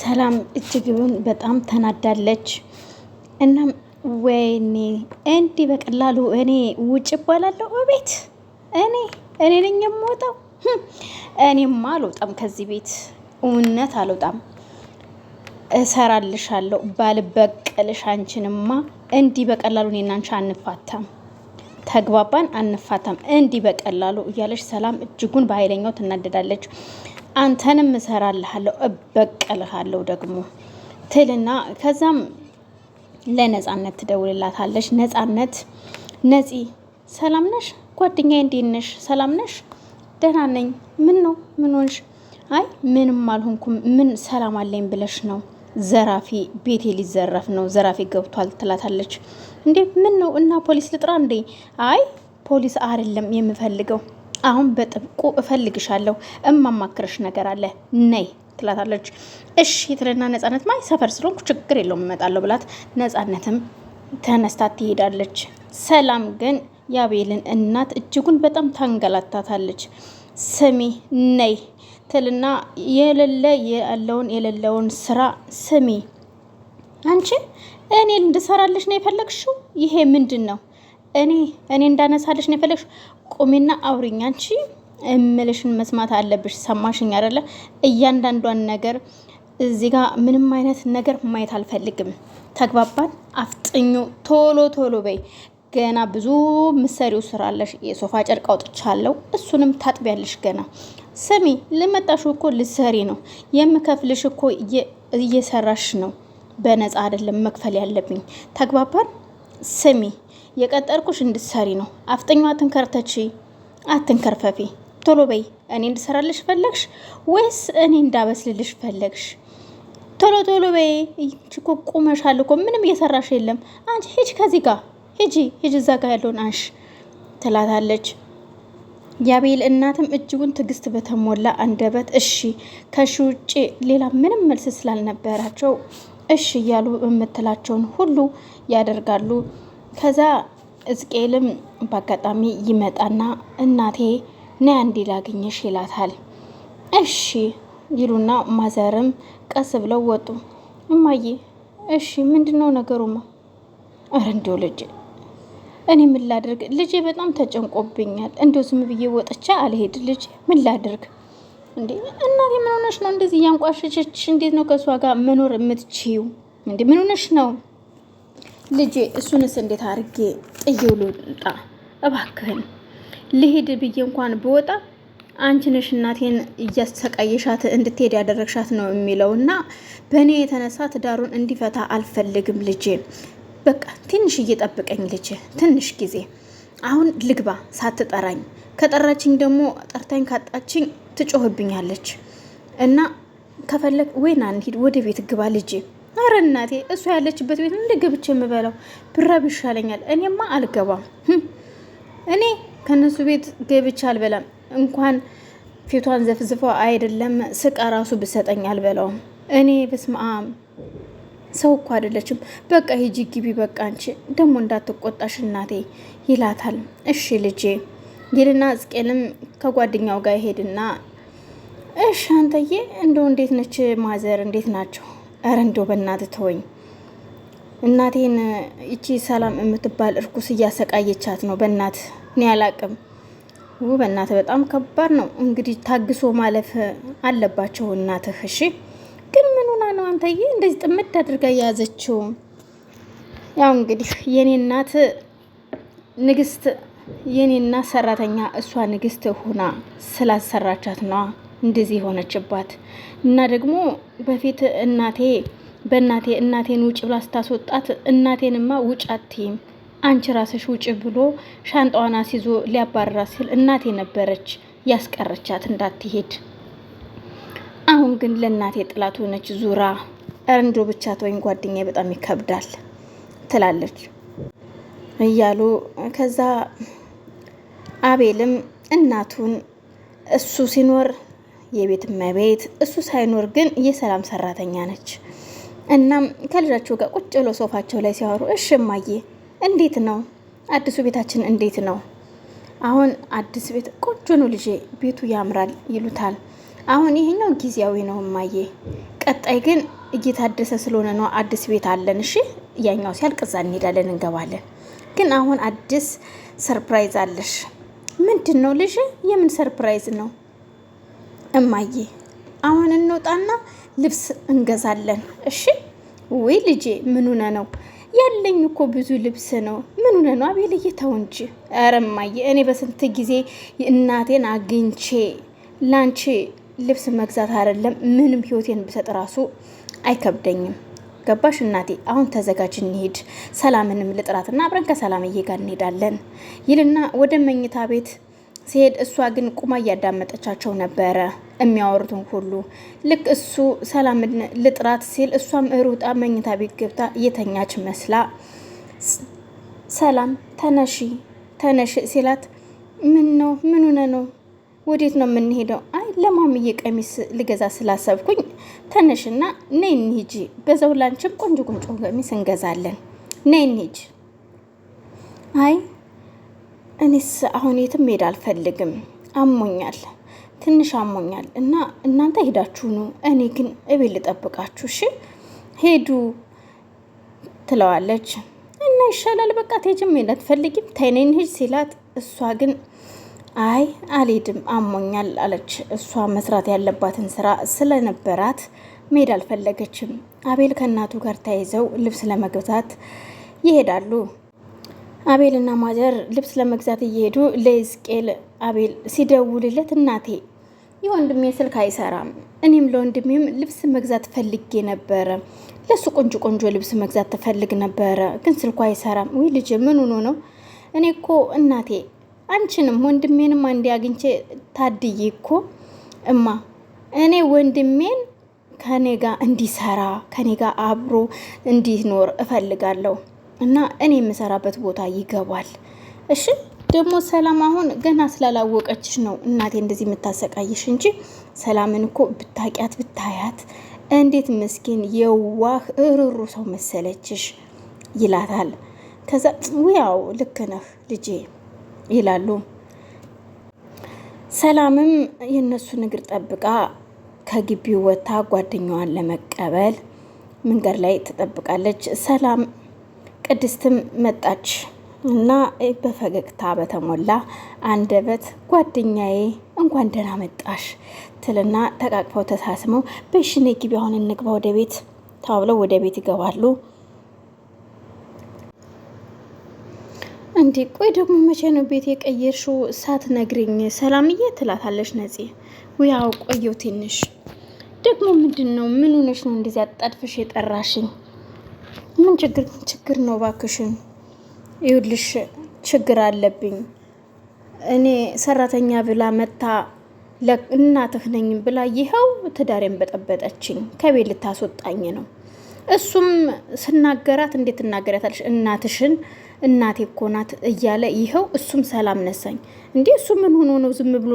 ሰላም እጅግን በጣም ተናዳለች። እናም ወይኔ እንዲህ በቀላሉ እኔ ውጭ እባላለሁ እቤት እኔ እኔ ነኝ የምወጣው? Hm እኔም አልወጣም ከዚህ ቤት እውነት አልወጣም። እሰራልሻለሁ ባልበቀልሽ አንቺንማ እንዲህ በቀላሉ እኔና አንቺ አንፋታም፣ ተግባባን? አንፋታም እንዲህ በቀላሉ እያለች ሰላም እጅጉን በኃይለኛው ትናደዳለች። አንተንም እሰራልሃለሁ እበቀልሃለሁ ደግሞ ትልና ከዛም ለነጻነት ትደውልላታለች። ነጻነት ነፂ፣ ሰላም ነሽ ጓደኛዬ፣ እንዴት ነሽ? ሰላም ነሽ? ደህና ነኝ። ምን ነው ምን ሆንሽ? አይ ምንም አልሆንኩም። ምን ሰላም አለኝ ብለሽ ነው? ዘራፊ ቤቴ ሊዘረፍ ነው፣ ዘራፊ ገብቷል ትላታለች። እንዴ ምን ነው እና ፖሊስ ልጥራ እንዴ? አይ ፖሊስ አይደለም የምፈልገው አሁን በጥብቁ እፈልግሻለሁ፣ እማማክርሽ ነገር አለ ነይ ትላታለች። እሺ ትልና ነጻነት ማይ ሰፈር ስለሆንኩ ችግር የለውም እመጣለሁ ብላት ነጻነትም ተነስታ ትሄዳለች። ሰላም ግን የአቤልን እናት እጅጉን በጣም ታንገላታታለች። ስሚ ነይ ትልና የሌለ ያለውን የሌለውን ስራ ስሚ አንቺ እኔ እንድሰራልሽ ነው የፈለግሽው? ይሄ ምንድን ነው? እኔ እኔ እንዳነሳልሽ ነው የፈለግሽ? ቁሚና አውሪኝ አንቺ እምልሽን መስማት አለብሽ። ሰማሽኝ አይደለ? እያንዳንዷን ነገር እዚህ ጋር ምንም አይነት ነገር ማየት አልፈልግም። ተግባባን? አፍጥኙ፣ ቶሎ ቶሎ በይ። ገና ብዙ ምሰሪው ስራ አለሽ። የሶፋ ጨርቅ አውጥቻለሁ፣ እሱንም ታጥቢያለሽ ገና። ስሚ ልመጣሽ እኮ ልሰሪ ነው የምከፍልሽ እኮ እየሰራሽ ነው። በነፃ አይደለም መክፈል ያለብኝ። ተግባባን? ስሚ የቀጠርኩሽ እንድትሰሪ ነው። አፍጠኛ ትንከርተቺ አትንከርፈፊ። ቶሎ በይ። እኔ እንድሰራልሽ ፈለግሽ ወይስ እኔ እንዳበስልልሽ ፈለግሽ? ቶሎ ቶሎ በይ። ችኮ ቁመሻል እኮ ምንም እየሰራሽ የለም። አንቺ ሂጅ ከዚህ ጋር ሂጂ፣ ሂጂ እዛ ጋር ያለውን አንሽ ትላታለች። የአቤል እናትም እጅጉን ትዕግስት በተሞላ አንደበት እሺ ከሺ ውጭ ሌላ ምንም መልስ ስላልነበራቸው እሺ እያሉ የምትላቸውን ሁሉ ያደርጋሉ። ከዛ እዝቅኤልም በአጋጣሚ ይመጣና እናቴ ና አንዴ ላግኝሽ ይላታል። እሺ ይሉና ማዘርም ቀስ ብለው ወጡ። እማዬ እሺ ምንድን ነው ነገሩማ? ኧረ እንዲያው ልጅ እኔ ምን ላድርግ ልጄ በጣም ተጨንቆብኛል። እንዲው ዝም ብዬ ወጥቼ አልሄድ ልጅ ምን ላድርግ እንዴ እናቴ ምን ሆነሽ ነው እንደዚህ እያንቋሸሸች? እንዴት ነው ከእሷ ጋር መኖር የምትችይው? እንዴ ምን ሆነሽ ነው ልጄ እሱንስ እንዴት አድርጌ ጥዬው ልውጣ? እባክህን ልሂድ ብዬ እንኳን ብወጣ አንቺ ነሽ እናቴን እያሰቃየሻት እንድትሄድ ያደረግሻት ነው የሚለው እና በእኔ የተነሳ ትዳሩን እንዲፈታ አልፈልግም። ልጄ በቃ ትንሽ እየጠብቀኝ ልጄ፣ ትንሽ ጊዜ አሁን ልግባ ሳትጠራኝ፣ ከጠራችኝ ደግሞ ጠርታኝ ካጣችኝ ትጮህብኛለች እና ከፈለግ ወይና እንሂድ፣ ወደ ቤት ግባ ልጄ አረ እናቴ እሷ ያለችበት ቤት እንደ ገብቼ የምበላው ብራብ ይሻለኛል። እኔማ አልገባም። እኔ ከነሱ ቤት ገብቼ አልበላም። እንኳን ፊቷን ዘፍዝፎ አይደለም ስቃ ራሱ ብሰጠኝ አልበላውም። እኔ በስማም ሰው እኮ አይደለችም። በቃ ሂጂ ግቢ፣ በቃ አንቺ ደግሞ እንዳትቆጣሽ እናቴ ይላታል። እሺ ልጄ ይልና ሕዝቅኤልም ከጓደኛው ጋር ይሄድና እሺ አንተዬ እንደው እንዴት ነች ማዘር እንዴት ናቸው ኧረ እንደው በእናትህ ተወኝ። እናቴን ይቺ ሰላም የምትባል እርኩስ እያሰቃየቻት ነው። በእናት እኔ አላቅም። ውይ በእናትህ በጣም ከባድ ነው። እንግዲህ ታግሶ ማለፍ አለባቸው እናትህ። እሺ ግን ምን ሆና ነው አንተዬ እንደዚህ ጥምድ አድርጋ የያዘችው? ያው እንግዲህ የኔ እናት ንግስት የኔና ሰራተኛ እሷ ንግስት ሆና ስላሰራቻት ነዋ። እንደዚህ የሆነችባት እና ደግሞ በፊት እናቴ በእናቴ እናቴን ውጭ ብላ ስታስወጣት እናቴንማ ውጭ አትይም አንቺ ራስሽ ውጭ ብሎ ሻንጣዋን አስይዞ ሊያባራ ሲል እናቴ ነበረች ያስቀረቻት እንዳትሄድ። አሁን ግን ለእናቴ ጥላት ሆነች ዙራ ረንዶ ብቻ ተወኝ ጓደኛ በጣም ይከብዳል ትላለች እያሉ ከዛ አቤልም እናቱን እሱ ሲኖር የቤት መቤት እሱ ሳይኖር ግን የሰላም ሰራተኛ ነች። እናም ከልጃቸው ጋር ቁጭ ብሎ ሶፋቸው ላይ ሲያወሩ እሺ እማዬ እንዴት ነው አዲሱ ቤታችን እንዴት ነው? አሁን አዲስ ቤት ቆጆ ነው ልጄ፣ ቤቱ ያምራል ይሉታል። አሁን ይሄኛው ጊዜያዊ ነው እማዬ፣ ቀጣይ ግን እየታደሰ ስለሆነ ነው አዲስ ቤት አለን። እሺ ያኛው ሲያልቅ እዛ እንሄዳለን እንገባለን። ግን አሁን አዲስ ሰርፕራይዝ አለሽ። ምንድን ነው ልጄ? የምን ሰርፕራይዝ ነው? እማዬ አሁን እንውጣና ልብስ እንገዛለን። እሺ ወይ ልጄ፣ ምን ነው ያለኝ? እኮ ብዙ ልብስ ነው። ምን ነው አቤልዬ? ተው እንጂ። ኧረ እማዬ፣ እኔ በስንት ጊዜ እናቴን አግኝቼ ላንቺ ልብስ መግዛት አይደለም ምንም ህይወቴን ብሰጥ ራሱ አይከብደኝም። ገባሽ እናቴ? አሁን ተዘጋጅ እንሄድ። ሰላምንም ልጥራትና አብረን ከሰላምዬ ጋር እንሄዳለን ይልና ወደ መኝታ ቤት ሲሄድ እሷ ግን ቁማ እያዳመጠቻቸው ነበረ የሚያወሩትን ሁሉ። ልክ እሱ ሰላምን ልጥራት ሲል እሷም ሩጣ መኝታ ቤት ገብታ እየተኛች መስላ ሰላም ተነሺ ተነሽ ሲላት ምን ነው ምን ሆነ ነው ወዴት ነው የምንሄደው? አይ ለማምዬ ቀሚስ ልገዛ ስላሰብኩኝ ተነሽና ነይ እንሂጂ፣ በዛው ላንቺም ቆንጆ ቆንጆ ቀሚስ እንገዛለን። ነይ እንሂጂ። አይ እኔስ አሁን የትም ሄድ አልፈልግም፣ አሞኛል፣ ትንሽ አሞኛል እና እናንተ ሄዳችሁ ኑ፣ እኔ ግን እቤት ልጠብቃችሁ እሺ። ሄዱ ትለዋለች እና ይሻላል በቃ ትሄጂም ሄድ አትፈልጊም፣ ተይ ሂጅ ሲላት እሷ ግን አይ አልሄድም አሞኛል አለች። እሷ መስራት ያለባትን ስራ ስለነበራት መሄድ አልፈለገችም። አቤል ከእናቱ ጋር ተያይዘው ልብስ ለመግዛት ይሄዳሉ። አቤል እና ማዘር ልብስ ለመግዛት እየሄዱ ለሕዝቅኤል አቤል ሲደውልለት እናቴ የወንድሜ ስልክ አይሰራም፣ እኔም ለወንድሜም ልብስ መግዛት ፈልጌ ነበረ። ለሱ ቆንጆ ቆንጆ ልብስ መግዛት ትፈልግ ነበረ፣ ግን ስልኩ አይሰራም። ውይ ልጅ ምን ሆኖ ነው? እኔ እኮ እናቴ አንቺንም ወንድሜንም አንድ አግኝቼ ታድዬ እኮ እማ እኔ ወንድሜን ከኔ ጋር እንዲሰራ ከኔ ጋር አብሮ እንዲኖር እፈልጋለሁ እና እኔ የምሰራበት ቦታ ይገባል። እሺ ደግሞ ሰላም አሁን ገና ስላላወቀችሽ ነው እናቴ እንደዚህ የምታሰቃይሽ እንጂ ሰላምን እኮ ብታቂያት ብታያት እንዴት ምስኪን የዋህ እሩሩ ሰው መሰለችሽ ይላታል። ከዛ ውያው ልክ ነህ ልጄ ይላሉ። ሰላምም የእነሱን እግር ጠብቃ ከግቢው ወታ ጓደኛዋን ለመቀበል መንገድ ላይ ትጠብቃለች። ሰላም ቅድስትም መጣች እና በፈገግታ በተሞላ አንደበት ጓደኛዬ እንኳን ደህና መጣሽ ትልና ተቃቅፈው ተሳስመው በሽኔ ግቢ አሁን እንግባ ወደ ቤት ተብለው ወደ ቤት ይገባሉ። እንዴ ቆይ ደግሞ መቼ ነው ቤት የቀየርሽው? ሳትነግሪኝ ሰላምዬ ትላታለች ነፂ። ያው ቆየው ትንሽ ደግሞ ምንድን ነው ምን ሆነሽ ነው እንደዚያ ጠድፍሽ የጠራሽኝ? ምን ችግር ችግር ነው ባክሽን? ይኸውልሽ ችግር አለብኝ እኔ ሰራተኛ ብላ መታ እናትህ ነኝ ብላ ይኸው ትዳሬን በጠበጠችኝ። ከቤት ልታስወጣኝ ነው። እሱም ስናገራት እንዴት እናገራታለሽ እናትሽን እናቴ እኮ ናት እያለ ይኸው እሱም ሰላም ነሳኝ። እንዴ እሱ ምን ሆኖ ነው ዝም ብሎ